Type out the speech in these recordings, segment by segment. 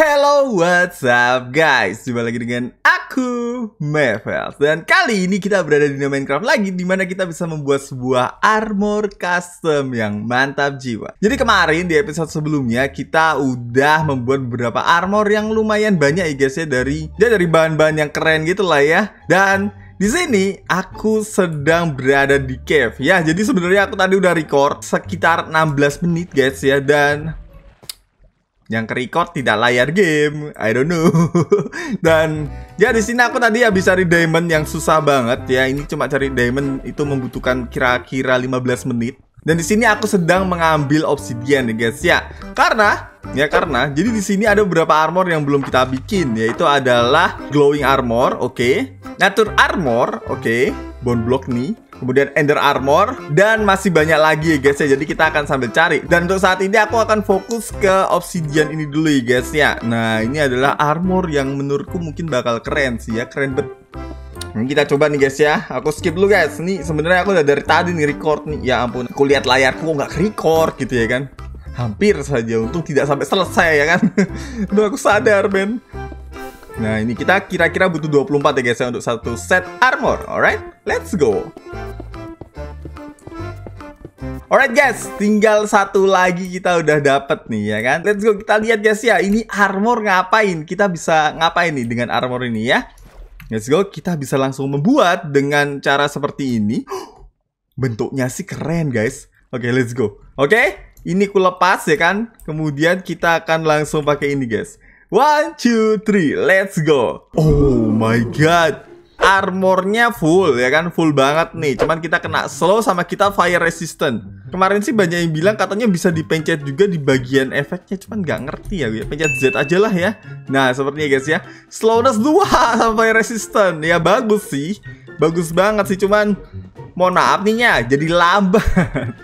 Hello, what's up guys? Jumpa lagi dengan aku, Mevels Dan kali ini kita berada di Minecraft lagi Dimana kita bisa membuat sebuah armor custom yang mantap jiwa Jadi kemarin di episode sebelumnya Kita udah membuat beberapa armor yang lumayan banyak ya guys ya Dari, ya dari bahan-bahan yang keren gitu lah ya Dan di sini aku sedang berada di cave ya. Jadi sebenarnya aku tadi udah record sekitar 16 menit guys ya dan yang ke record tidak layar game I don't know dan ya di sini aku tadi habis cari diamond yang susah banget ya ini cuma cari diamond itu membutuhkan kira-kira 15 menit dan di sini aku sedang mengambil obsidian ya guys ya karena ya karena jadi di sini ada beberapa armor yang belum kita bikin yaitu adalah glowing armor oke okay. nature armor oke okay. bone block nih kemudian Ender Armor, dan masih banyak lagi ya guys ya. Jadi kita akan sambil cari. Dan untuk saat ini aku akan fokus ke obsidian ini dulu ya guys ya. Nah ini adalah armor yang menurutku mungkin bakal keren sih ya, keren bet. Ini kita coba nih guys ya. Aku skip dulu guys. Nih sebenarnya aku udah dari tadi nih record nih. Ya ampun, aku lihat layarku nggak record gitu ya kan. Hampir saja untung tidak sampai selesai ya kan. Udah aku sadar, Ben. Nah, ini kita kira-kira butuh 24 ya guys ya untuk satu set armor. Alright, let's go. Alright guys, tinggal satu lagi kita udah dapet nih ya kan. Let's go kita lihat guys ya, ini armor ngapain? Kita bisa ngapain nih dengan armor ini ya? Let's go, kita bisa langsung membuat dengan cara seperti ini. Bentuknya sih keren guys. Oke, okay, let's go. Oke, okay? ini ku lepas ya kan. Kemudian kita akan langsung pakai ini guys. One, two, three, let's go. Oh my god. Armornya full ya kan, full banget nih. Cuman kita kena slow sama kita fire resistant. Kemarin sih banyak yang bilang katanya bisa dipencet juga di bagian efeknya, cuman gak ngerti ya gue. Ya. Pencet Z aja lah ya. Nah sepertinya guys ya, slowness 2 sama fire resistant ya bagus sih, bagus banget sih. Cuman mohon maaf nih ya, jadi lambat.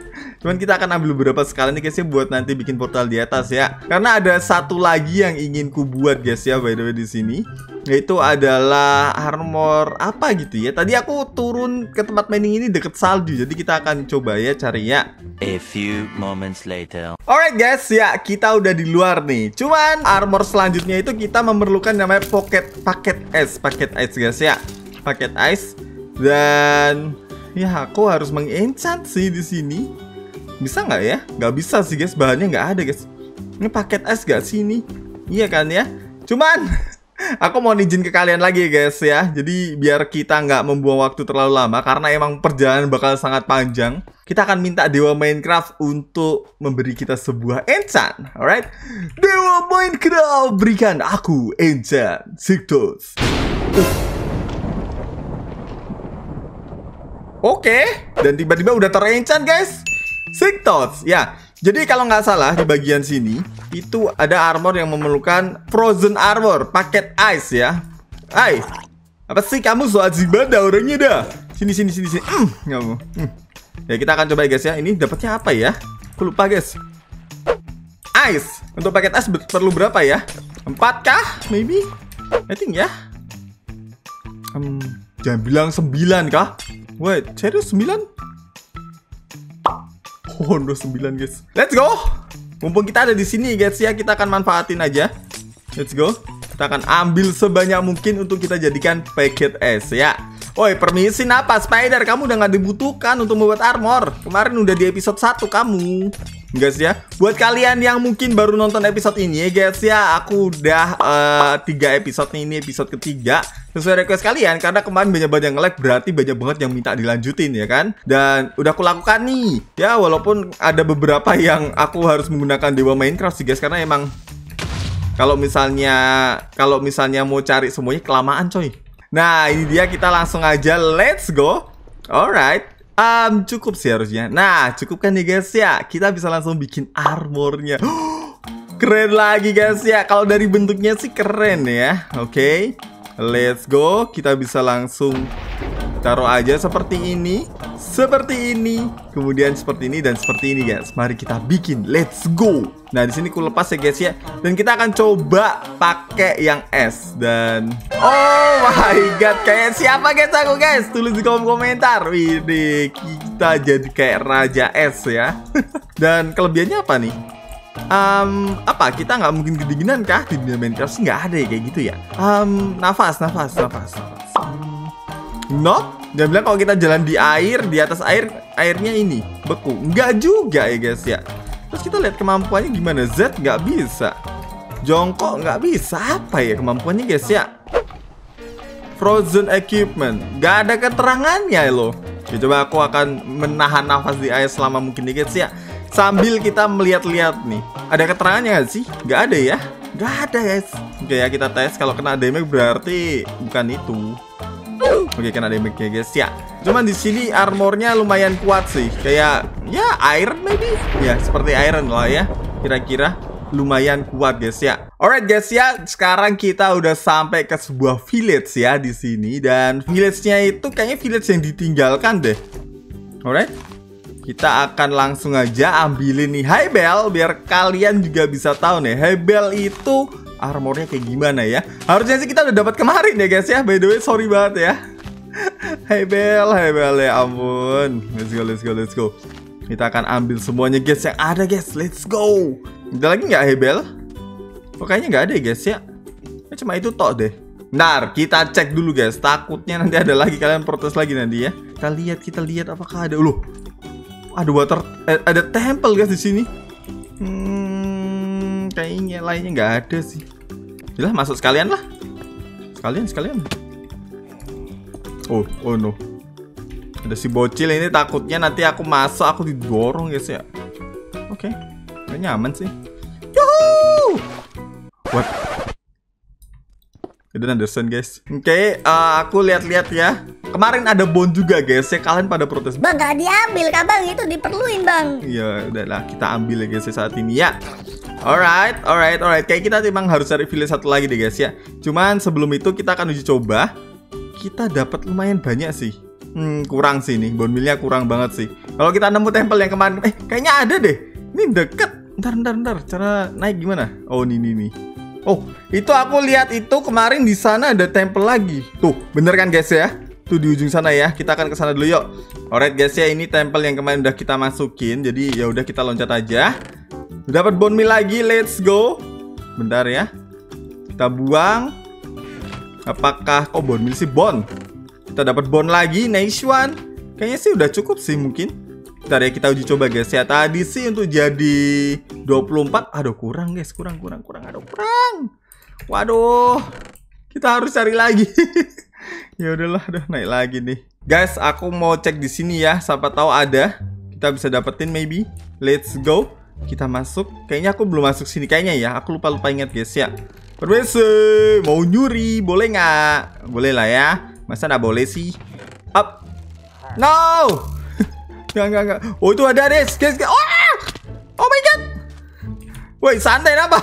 Cuman kita akan ambil beberapa sekali nih guys ya buat nanti bikin portal di atas ya. Karena ada satu lagi yang ingin ku buat guys ya by the way di sini yaitu adalah armor apa gitu ya. Tadi aku turun ke tempat mining ini deket salju, jadi kita akan coba ya cari ya. A few moments later. Alright guys, ya kita udah di luar nih. Cuman armor selanjutnya itu kita memerlukan namanya pocket paket es, paket ice guys ya, paket ice dan ya aku harus mengenchant sih di sini bisa nggak ya nggak bisa sih guys bahannya nggak ada guys ini paket es nggak sih ini iya kan ya cuman aku mau izin ke kalian lagi guys ya jadi biar kita nggak membuang waktu terlalu lama karena emang perjalanan bakal sangat panjang kita akan minta dewa Minecraft untuk memberi kita sebuah enchant alright dewa Minecraft berikan aku enchant Siktos Oke, okay. dan tiba-tiba udah terencan guys. Sick Thoughts. Ya, jadi kalau nggak salah di bagian sini itu ada armor yang memerlukan frozen armor, paket ice ya. Hai, apa sih kamu soal ajib orangnya dah. Sini sini sini sini. Hmm, kamu. Hmm. Ya kita akan coba ya guys ya. Ini dapatnya apa ya? Aku lupa guys. Ice. Untuk paket ice perlu berapa ya? Empat kah? Maybe. I think ya. Hmm, jangan bilang sembilan kah? Wait, serius sembilan? Honda 29 guys. Let's go. Mumpung kita ada di sini guys ya, kita akan manfaatin aja. Let's go. Kita akan ambil sebanyak mungkin untuk kita jadikan paket es ya. Woi, permisi napa Spider? Kamu udah nggak dibutuhkan untuk membuat armor. Kemarin udah di episode 1 kamu. Guys ya, buat kalian yang mungkin baru nonton episode ini ya, guys ya, aku udah uh, episode nih, ini episode ketiga sesuai request kalian karena kemarin banyak banget yang like berarti banyak banget yang minta dilanjutin ya kan dan udah aku lakukan nih ya walaupun ada beberapa yang aku harus menggunakan dewa Minecraft sih guys karena emang kalau misalnya kalau misalnya mau cari semuanya kelamaan coy Nah, ini dia kita langsung aja let's go. Alright. Um, cukup sih harusnya. Nah, cukup kan nih guys ya. Kita bisa langsung bikin armornya. keren lagi guys ya. Kalau dari bentuknya sih keren ya. Oke. Okay. Let's go. Kita bisa langsung Taruh aja seperti ini, seperti ini, kemudian seperti ini dan seperti ini guys. Mari kita bikin. Let's go. Nah, di sini aku lepas ya guys ya. Dan kita akan coba pakai yang S dan oh my god, kayak siapa guys aku guys? Tulis di kolom komentar. ini kita jadi kayak raja S ya. dan kelebihannya apa nih? um, apa kita nggak mungkin kedinginan kah di dunia Minecraft nggak ada ya kayak gitu ya um, nafas nafas nafas nafas Not? Dia bilang kalau kita jalan di air, di atas air, airnya ini beku. Enggak juga ya guys ya. Terus kita lihat kemampuannya gimana. Z nggak bisa. Jongkok nggak bisa. Apa ya kemampuannya guys ya? Frozen equipment. Nggak ada keterangannya ya, loh. Ya, coba aku akan menahan nafas di air selama mungkin dikit ya, guys ya. Sambil kita melihat-lihat nih. Ada keterangannya nggak sih? Nggak ada ya? Gak ada guys. Oke ya kita tes. Kalau kena damage berarti bukan itu. Oke, kena damage ya guys ya. Cuman di sini armornya lumayan kuat sih. Kayak ya iron maybe. Ya, seperti iron lah ya. Kira-kira lumayan kuat guys ya. Alright guys ya, sekarang kita udah sampai ke sebuah village ya di sini dan village-nya itu kayaknya village yang ditinggalkan deh. Alright. Kita akan langsung aja ambilin nih Hebel biar kalian juga bisa tahu nih Hebel itu armornya kayak gimana ya. Harusnya sih kita udah dapat kemarin ya guys ya. By the way, sorry banget ya. hey Bel, hey Bel ya ampun. Let's go, let's go, let's go. Kita akan ambil semuanya guys yang ada guys. Let's go. Ada lagi nggak hey Bel? Oh, kayaknya nggak ada ya, guys ya. Cuma itu tok deh. Bentar, kita cek dulu guys. Takutnya nanti ada lagi kalian protes lagi nanti ya. Kita lihat, kita lihat apakah ada. Loh. Ada water eh, ada temple guys di sini. Hmm, kayaknya lainnya nggak ada sih Yalah masuk sekalian lah Sekalian sekalian Oh oh no Ada si bocil ini takutnya nanti aku masuk aku didorong guys ya Oke okay. nyaman sih Yuhuu What Itu Anderson guys Oke okay, uh, eh, aku lihat-lihat ya Kemarin ada bon juga guys ya Kalian pada protes Bang gak diambil kabang itu diperluin bang Iya udahlah kita ambil ya guys ya saat ini ya Alright, alright, alright. Kayak kita memang harus cari village satu lagi deh guys ya. Cuman sebelum itu kita akan uji coba. Kita dapat lumayan banyak sih. Hmm, kurang sih nih. Bone kurang banget sih. Kalau kita nemu temple yang kemarin, eh kayaknya ada deh. Ini deket. Ntar, ntar, ntar. Cara naik gimana? Oh, ini, ini, ini. Oh, itu aku lihat itu kemarin di sana ada temple lagi. Tuh, bener kan guys ya? tuh di ujung sana ya. Kita akan ke sana dulu yuk. Alright guys ya, ini temple yang kemarin udah kita masukin. Jadi ya udah kita loncat aja. Dapat bone meal lagi, let's go. Bentar ya. Kita buang. Apakah kok oh, bone meal sih bone? Kita dapat bone lagi, nice one. Kayaknya sih udah cukup sih mungkin. Bentar ya kita uji coba guys ya. Tadi sih untuk jadi 24, aduh kurang guys, kurang kurang kurang, aduh kurang. Waduh. Kita harus cari lagi. ya udahlah, udah naik lagi nih. Guys, aku mau cek di sini ya, siapa tahu ada. Kita bisa dapetin maybe. Let's go. Kita masuk. Kayaknya aku belum masuk sini kayaknya ya. Aku lupa-lupa ingat guys ya. Permisi, mau nyuri, boleh nggak? Boleh lah ya. Masa nggak boleh sih? Up. No. nggak nggak nggak Oh, itu ada guys. Guys, oh! oh my god. Woi, santai apa?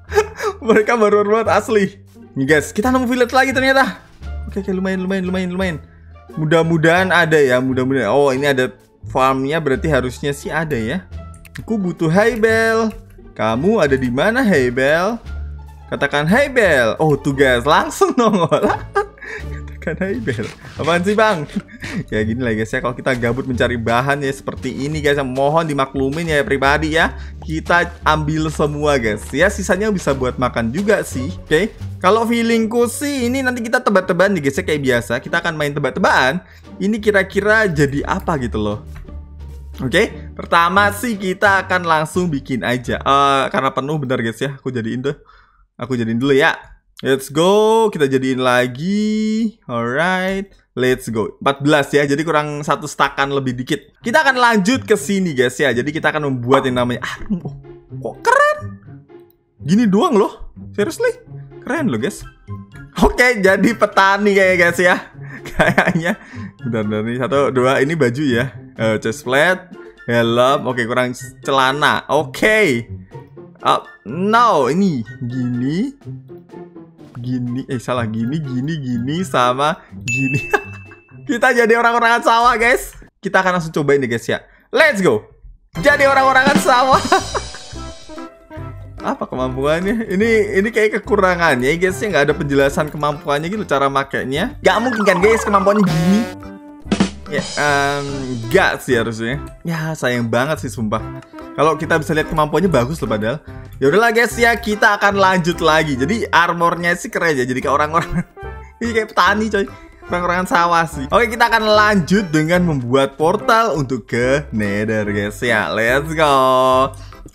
Mereka baru buat asli. Nih guys, kita nemu village lagi ternyata. Oke, oke, lumayan, lumayan, lumayan, lumayan. Mudah-mudahan ada ya, mudah-mudahan. Oh, ini ada farmnya berarti harusnya sih ada ya. Aku butuh Hey Kamu ada di mana Hey Katakan Hey Oh tugas langsung dong olah. Katakan Hey Apaan sih bang? ya gini lah guys ya kalau kita gabut mencari bahan ya seperti ini guys yang mohon dimaklumin ya pribadi ya kita ambil semua guys ya sisanya bisa buat makan juga sih oke okay? kalau feelingku sih ini nanti kita tebak-tebakan nih guys ya kayak biasa kita akan main tebak-tebakan ini kira-kira jadi apa gitu loh Oke, okay? pertama sih kita akan langsung bikin aja. Uh, karena penuh bener guys ya, aku jadiin tuh. Aku jadiin dulu ya. Let's go, kita jadiin lagi. Alright. Let's go. 14 ya, jadi kurang satu stakan lebih dikit. Kita akan lanjut ke sini guys ya. Jadi kita akan membuat yang namanya ah, oh, kok keren. Gini doang loh. Seriously? Keren loh guys. Oke, okay, jadi petani kayak guys ya. Kayaknya. Bentar, bentar nih. Satu, dua. Ini baju ya uh, eh, chest plate, helm, oke okay, kurang celana. Oke. Okay. Up. Uh, no, ini gini. Gini, eh salah gini, gini, gini sama gini. Kita jadi orang-orangan sawah, guys. Kita akan langsung cobain deh, guys ya. Let's go. Jadi orang-orangan sawah. apa kemampuannya ini ini kayak kekurangannya guys ya nggak ada penjelasan kemampuannya gitu cara makainya nggak mungkin kan guys kemampuannya gini Ya, um, sih harusnya. Ya sayang banget sih sumpah. Kalau kita bisa lihat kemampuannya bagus loh padahal. Ya udahlah guys ya kita akan lanjut lagi. Jadi armornya sih keren ya. Jadi kayak orang-orang ini iya, kayak petani coy orang orang sawah sih. Oke, kita akan lanjut dengan membuat portal untuk ke Nether, guys. Ya, let's go.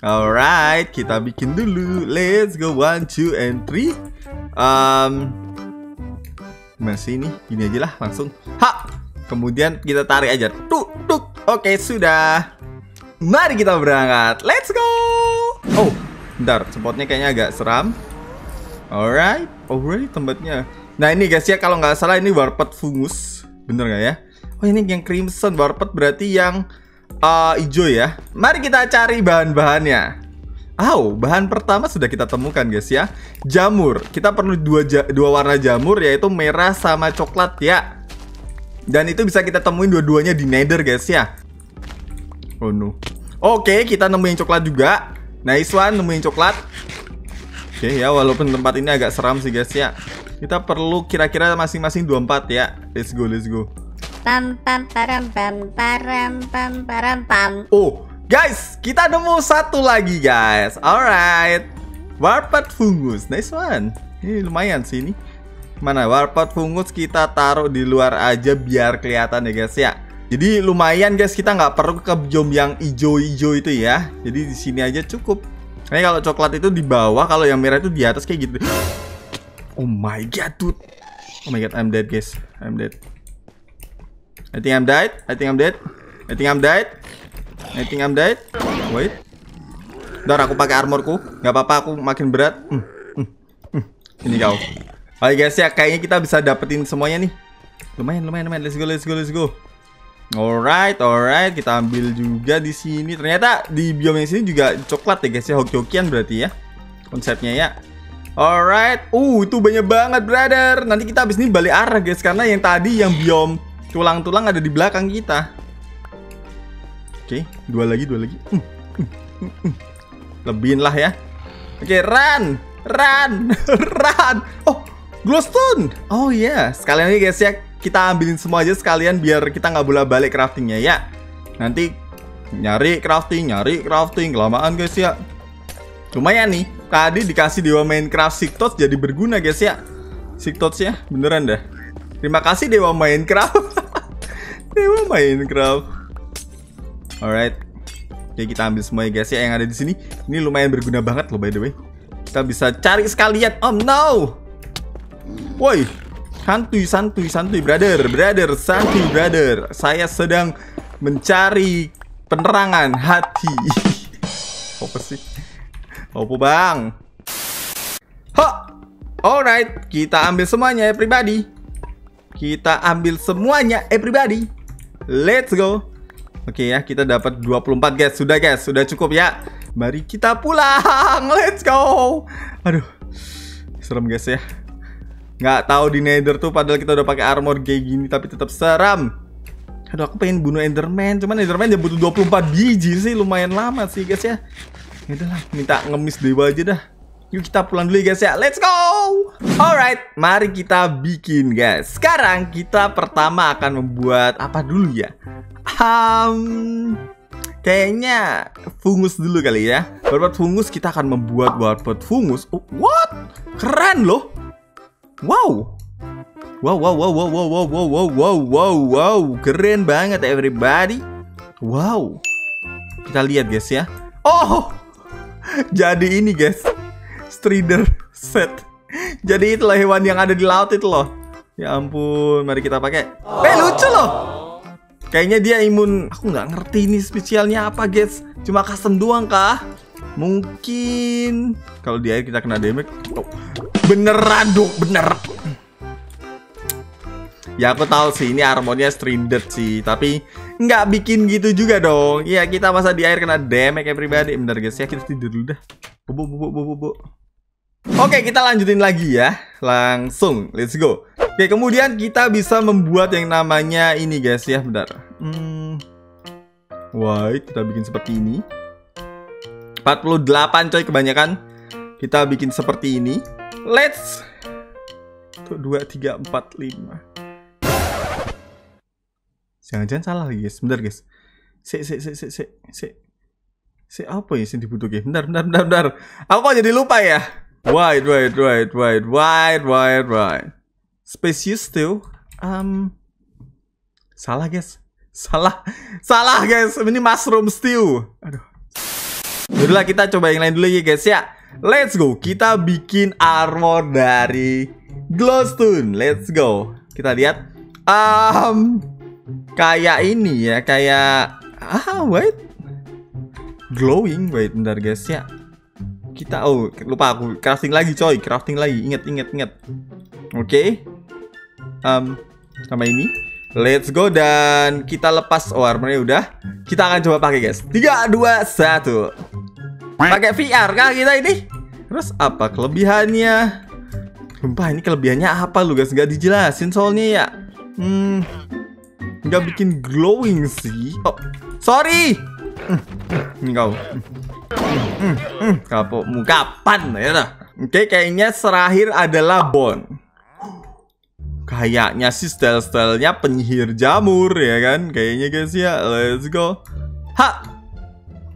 Alright, kita bikin dulu. Let's go one, two, and three. Um, masih ini, gini aja lah langsung. Ha, Kemudian kita tarik aja. Tuk tuk. Oke, sudah. Mari kita berangkat. Let's go. Oh, bentar. Spotnya kayaknya agak seram. Alright. Alright, tempatnya. Nah, ini guys ya kalau nggak salah ini warpet fungus. Bener nggak ya? Oh, ini yang crimson warpet berarti yang uh, hijau ya. Mari kita cari bahan-bahannya. Oh, bahan pertama sudah kita temukan guys ya. Jamur. Kita perlu dua, ja dua warna jamur yaitu merah sama coklat ya. Dan itu bisa kita temuin dua-duanya di nether guys ya. Oh no. Oke, okay, kita nemuin coklat juga. Nice one, nemuin coklat. Oke okay, ya, walaupun tempat ini agak seram sih guys ya. Kita perlu kira-kira masing-masing 24 ya. Let's go, let's go. Pam pam param pam param pam param pam. Oh, guys, kita nemu satu lagi guys. Alright. Warpat fungus. Nice one. Ini eh, lumayan sih ini mana warpot fungus kita taruh di luar aja biar kelihatan ya guys ya jadi lumayan guys kita nggak perlu ke biom yang ijo-ijo itu ya jadi di sini aja cukup ini kalau coklat itu di bawah kalau yang merah itu di atas kayak gitu oh my god dude oh my god I'm dead guys I'm dead I think I'm dead I think I'm dead I think I'm dead I think I'm dead wait Ntar aku pakai armorku nggak apa-apa aku makin berat hmm. Hmm. Hmm. ini kau Oke guys ya, kayaknya kita bisa dapetin semuanya nih. Lumayan, lumayan, lumayan. Let's go, let's go, let's go. Alright, alright, kita ambil juga di sini. Ternyata di biome sini juga coklat ya guys ya, hoki-hokian berarti ya. Konsepnya ya. Alright, uh itu banyak banget brother. Nanti kita habis ini balik arah guys karena yang tadi yang biom tulang-tulang ada di belakang kita. Oke, okay, dua lagi, dua lagi. hmm. hmm, hmm, hmm. Lebihin lah ya. Oke, okay, run, run, run. Oh, glowstone. Oh iya, yeah. sekalian aja guys ya, kita ambilin semua aja sekalian biar kita nggak bola balik craftingnya ya. Nanti nyari crafting, nyari crafting, kelamaan guys ya. Cuma ya nih, tadi dikasih Dewa Minecraft Sigtots jadi berguna guys ya. Sigtots ya, beneran dah. Terima kasih Dewa Minecraft. Dewa Minecraft. Alright. Oke, kita ambil semua ya guys ya yang ada di sini. Ini lumayan berguna banget loh by the way. Kita bisa cari sekalian. Oh no. Woi, santuy, santuy, santuy, brother, brother, santuy, brother. Saya sedang mencari penerangan hati. Apa sih? Apa bang? Ha! Alright, kita ambil semuanya ya pribadi. Kita ambil semuanya everybody. Eh, Let's go. Oke okay, ya, kita dapat 24 guys. Sudah guys, sudah cukup ya. Mari kita pulang. Let's go. Aduh. Serem guys ya. Nggak tahu di Nether tuh padahal kita udah pakai armor kayak gini tapi tetap seram. Aduh aku pengen bunuh Enderman, cuman Enderman dia butuh 24 biji sih, lumayan lama sih guys ya. Ya udahlah, minta ngemis dewa aja dah. Yuk kita pulang dulu ya guys ya, let's go! Alright, mari kita bikin guys. Sekarang kita pertama akan membuat apa dulu ya? Um, kayaknya fungus dulu kali ya. Berbuat fungus kita akan membuat buat fungus. Oh, what? Keren loh. Wow. Wow, wow, wow, wow, wow, wow, wow, wow, wow, wow, keren banget everybody. Wow. Kita lihat guys ya. Oh, jadi ini guys, strider set. Jadi itulah hewan yang ada di laut itu loh. Ya ampun, mari kita pakai. Eh lucu loh. Kayaknya dia imun. Aku nggak ngerti ini spesialnya apa guys. Cuma custom doang kah? Mungkin kalau di air kita kena damage. Oh. Beneran dong, bener. Ya aku tahu sih ini armornya strindet sih, tapi nggak bikin gitu juga dong. Iya kita masa di air kena damage everybody. Bener guys ya kita tidur dulu dah. bubuk bubuk bubuk bobo. Oke kita lanjutin lagi ya. Langsung let's go. Oke kemudian kita bisa membuat yang namanya ini guys ya bentar. Hmm. White kita bikin seperti ini. 48 coy kebanyakan. Kita bikin seperti ini. Let's. 2 3 4 5. Jangan-jangan salah guys. Bentar guys. Si si si si si si. Si apa ya dibutuhin? Okay. Bentar, bentar, bentar, bentar. Aku kok jadi lupa ya? Wide wide wide wide wide wide wide. Species still. Um, salah guys. Salah. Salah guys. Ini mushroom stew. Aduh. Yaudah kita coba yang lain dulu ya guys ya Let's go Kita bikin armor dari Glowstone Let's go Kita lihat um, Kayak ini ya Kayak Ah wait Glowing Wait bentar guys ya Kita oh lupa aku crafting lagi coy Crafting lagi Ingat-ingat-ingat. Oke okay. um, Sama ini Let's go dan kita lepas oh udah. Kita akan coba pakai guys. 3 2 1. Pakai VR kah kita ini? Terus apa kelebihannya? Sumpah ini kelebihannya apa lu guys? Gak dijelasin soalnya ya. Hmm. Gak bikin glowing sih. Oh, sorry. kau kau mau kapan ya? Oke, kayaknya terakhir adalah bone kayaknya sih style-stylenya penyihir jamur ya kan kayaknya guys ya let's go ha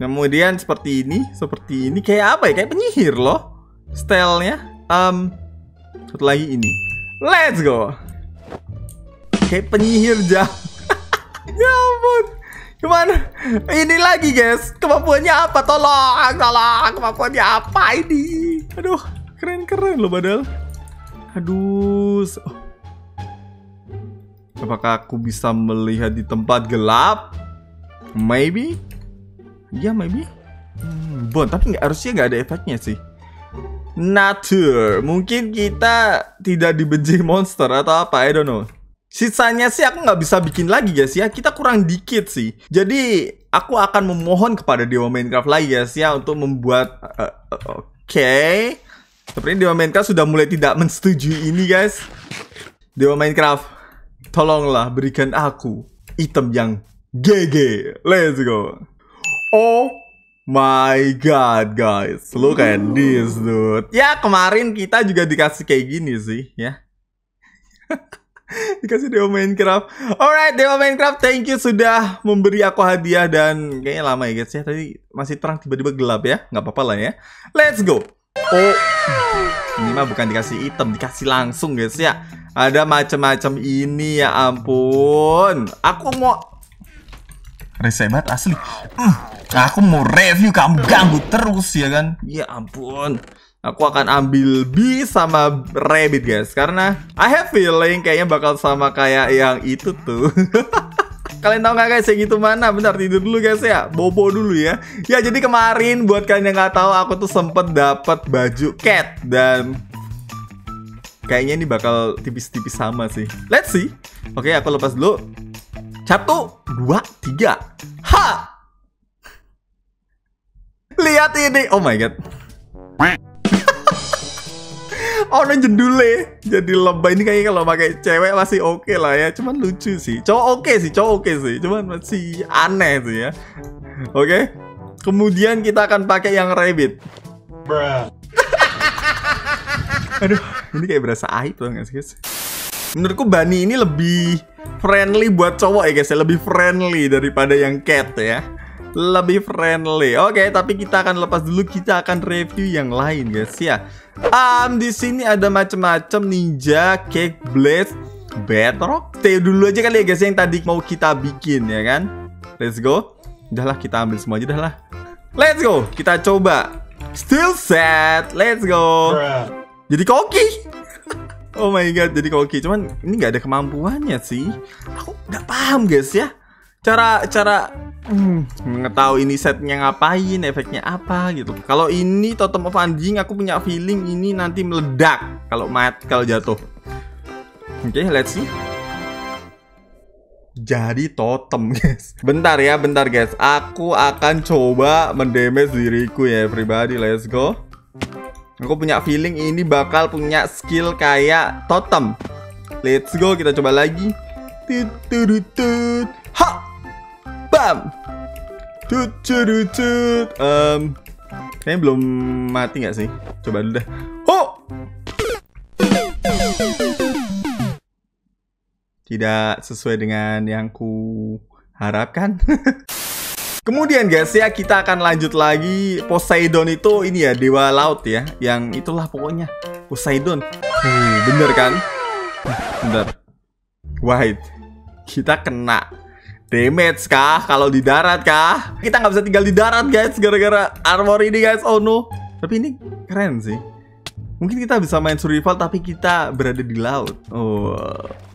kemudian seperti ini seperti ini kayak apa ya kayak penyihir loh stylenya um satu lagi ini let's go kayak penyihir jamur ya ampun Gimana? Ini lagi guys, kemampuannya apa? Tolong, tolong, kemampuannya apa ini? Aduh, keren-keren loh padahal. Aduh, Apakah aku bisa melihat di tempat gelap? Maybe? Ya, yeah, maybe. Hmm, bon, tapi nggak harusnya nggak ada efeknya sih. Nature, mungkin kita tidak dibenci monster atau apa, I don't know. Sisanya sih aku nggak bisa bikin lagi guys ya, kita kurang dikit sih. Jadi aku akan memohon kepada Dewa Minecraft lagi guys ya untuk membuat... uh, Oke, okay. sepertinya Dewa Minecraft sudah mulai tidak menyetujui ini guys. Dewa Minecraft, Tolonglah berikan aku item yang GG. Let's go. Oh my god, guys. Look at this, dude. Ya, kemarin kita juga dikasih kayak gini sih, ya. dikasih Dewa Minecraft. Alright, Dewa Minecraft, thank you sudah memberi aku hadiah dan kayaknya lama ya guys ya. Tadi masih terang tiba-tiba gelap ya. Nggak apa-apa lah ya. Let's go. Oh, ini mah bukan dikasih item, dikasih langsung guys ya. Ada macam-macam ini ya ampun. Aku mau rese asli. Uh, aku mau review kamu ganggu terus ya kan. Ya ampun. Aku akan ambil B sama rabbit guys karena I have feeling kayaknya bakal sama kayak yang itu tuh. Kalian tahu nggak guys yang itu mana? Bentar tidur dulu guys ya. Bobo dulu ya. Ya jadi kemarin buat kalian yang nggak tahu aku tuh sempet dapat baju cat dan kayaknya ini bakal tipis-tipis sama sih. Let's see. Oke, aku lepas dulu. Satu, dua, tiga. Ha! Lihat ini. Oh my god. Oh, no jendule jadi lebay ini kayaknya kalau pakai cewek masih oke okay lah ya cuman lucu sih cowok oke okay sih cowok oke okay sih cuman masih aneh sih ya oke okay? kemudian kita akan pakai yang rabbit aduh ini kayak berasa aib loh guys guys menurutku Bani ini lebih friendly buat cowok ya guys ya lebih friendly daripada yang cat ya lebih friendly. Oke, okay, tapi kita akan lepas dulu kita akan review yang lain guys ya. Um, di sini ada macam-macam ninja, cake blade, bedrock. Tuh dulu aja kali ya guys yang tadi mau kita bikin ya kan. Let's go. Udahlah kita ambil semua aja udahlah. Let's go. Kita coba. Still set. Let's go. Jadi koki. oh my god, jadi koki. Cuman ini nggak ada kemampuannya sih. Aku nggak paham guys ya. Cara cara hmm, mengetahui ini setnya ngapain, efeknya apa gitu. Kalau ini totem of anjing, aku punya feeling ini nanti meledak kalau mat kalau jatuh. Oke, okay, let's see. Jadi totem guys Bentar ya bentar guys Aku akan coba mendamage diriku ya everybody Let's go Aku punya feeling ini bakal punya skill kayak totem Let's go kita coba lagi Tut, tut, tut. Ha! Bam! Tut tut Um, kayaknya belum mati nggak sih? Coba dulu dah. Oh! Tidak sesuai dengan yang ku harapkan. Kemudian guys ya kita akan lanjut lagi Poseidon itu ini ya dewa laut ya yang itulah pokoknya Poseidon. Hmm, bener kan? Bener. Wahid. Kita kena damage kah? Kalau di darat kah? Kita nggak bisa tinggal di darat guys gara-gara armor ini guys. Oh no. Tapi ini keren sih. Mungkin kita bisa main survival tapi kita berada di laut. Oh,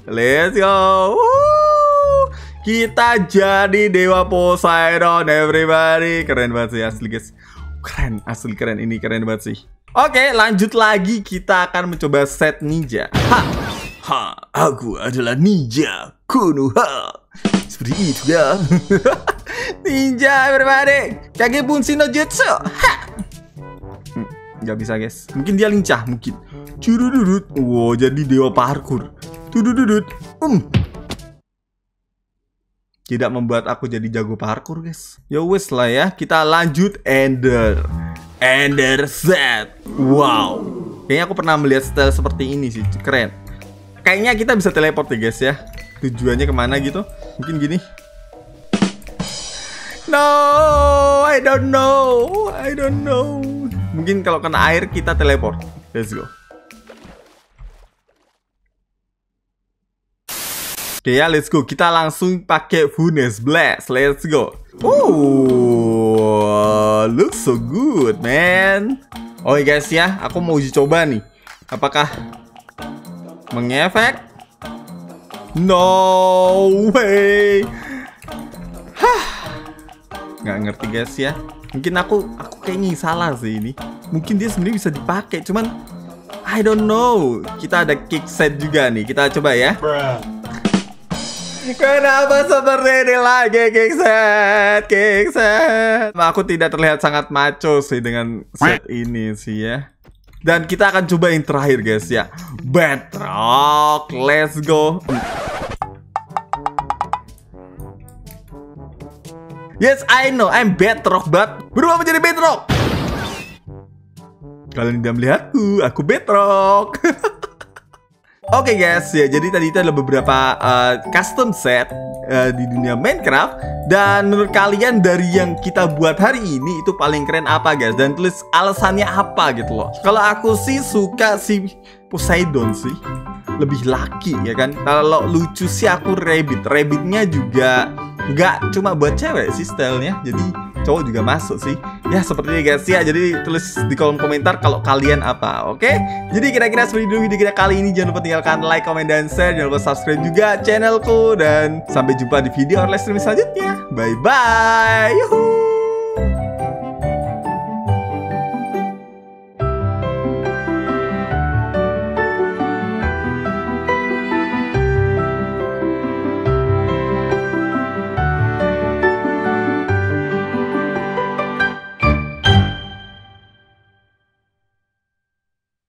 let's go. Woo! Kita jadi dewa Poseidon everybody. Keren banget sih asli guys. Keren, asli keren ini keren banget sih. Oke, lanjut lagi kita akan mencoba set ninja. Ha. Ha, aku adalah ninja Konoha. Seperti itu ya. ninja berbare. Kage bunshin no jutsu. Ha. Hmm, gak bisa guys. Mungkin dia lincah mungkin. Curududut. Wow, oh, jadi dewa parkur. Tudududut. Um. Tidak membuat aku jadi jago parkur guys. Ya wes lah ya. Kita lanjut Ender. Ender Z. Wow. Kayaknya aku pernah melihat style seperti ini sih. Keren kayaknya kita bisa teleport ya guys ya. Tujuannya kemana gitu? Mungkin gini. No, I don't know, I don't know. Mungkin kalau kena air kita teleport. Let's go. Oke ya, let's go. Kita langsung pakai Funes Blast. Let's go. Oh, look so good, man. Oke okay, guys ya, aku mau uji coba nih. Apakah Mengefek. No way. Hah. Nggak ngerti guys ya. Mungkin aku aku kayaknya salah sih ini. Mungkin dia sendiri bisa dipakai, cuman I don't know. Kita ada kick set juga nih. Kita coba ya. Kenapa seperti ini lagi kick set, set? Nah, aku tidak terlihat sangat maco sih dengan set ini sih ya. Dan kita akan coba yang terakhir guys ya Bedrock Let's go Yes I know I'm bedrock but Berubah menjadi bedrock Kalian tidak melihatku Aku bedrock Oke okay guys, ya jadi tadi itu ada beberapa uh, custom set uh, di dunia Minecraft dan menurut kalian dari yang kita buat hari ini itu paling keren apa guys dan tulis alasannya apa gitu loh. Kalau aku sih suka si Poseidon sih lebih laki ya kan. Kalau lucu sih aku rabbit, rabbitnya juga nggak cuma buat cewek sih stylenya, jadi cowok juga masuk sih ya seperti ini guys ya jadi tulis di kolom komentar kalau kalian apa oke okay? jadi kira-kira seperti itu video kita kali ini jangan lupa tinggalkan like comment dan share jangan lupa subscribe juga channelku dan sampai jumpa di video online stream selanjutnya bye bye Yuhuu.